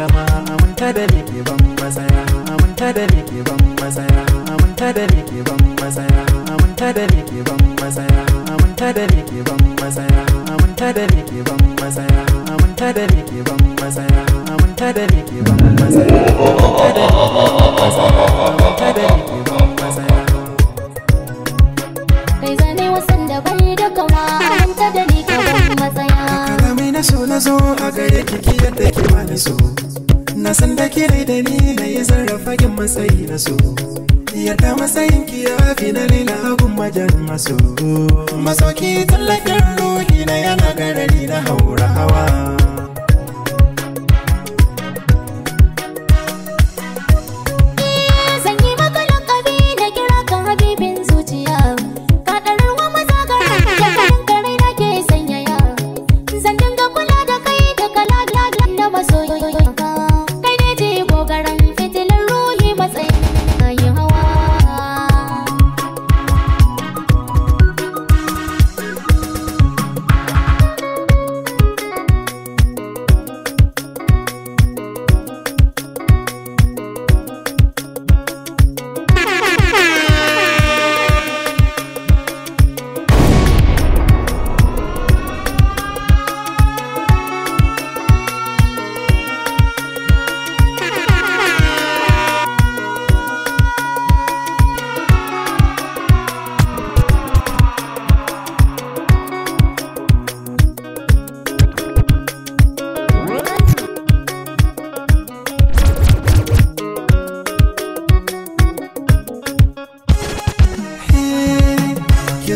on. dalilin hagun majan maso masoki tallafin ruhi na yana garari na haura hawa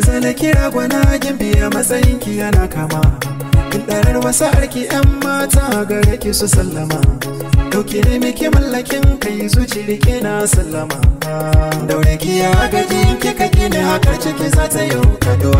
ki zana kira gwana kin biya matsayin ki yana kama in ɗarar wasu arki yan mata gare ki su sallama dauki ne miki mallakin kai zuciyar rike na sallama daure ki ya gaji kika gina haka ciki za ta yi kaduwa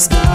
ask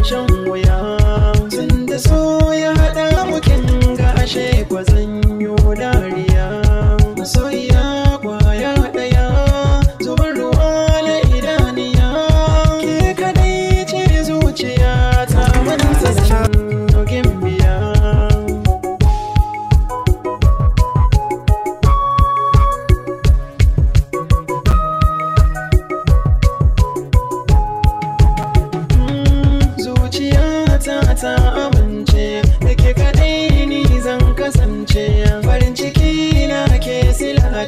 shan wuya tun da so ya hada mukin ga ashe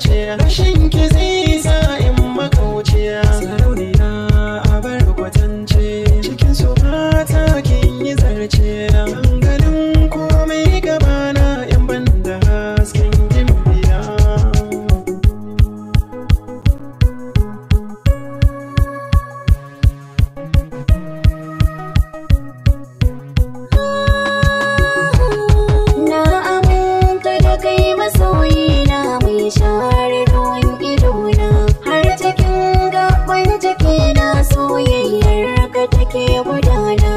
ce rashin ki zai da take gudana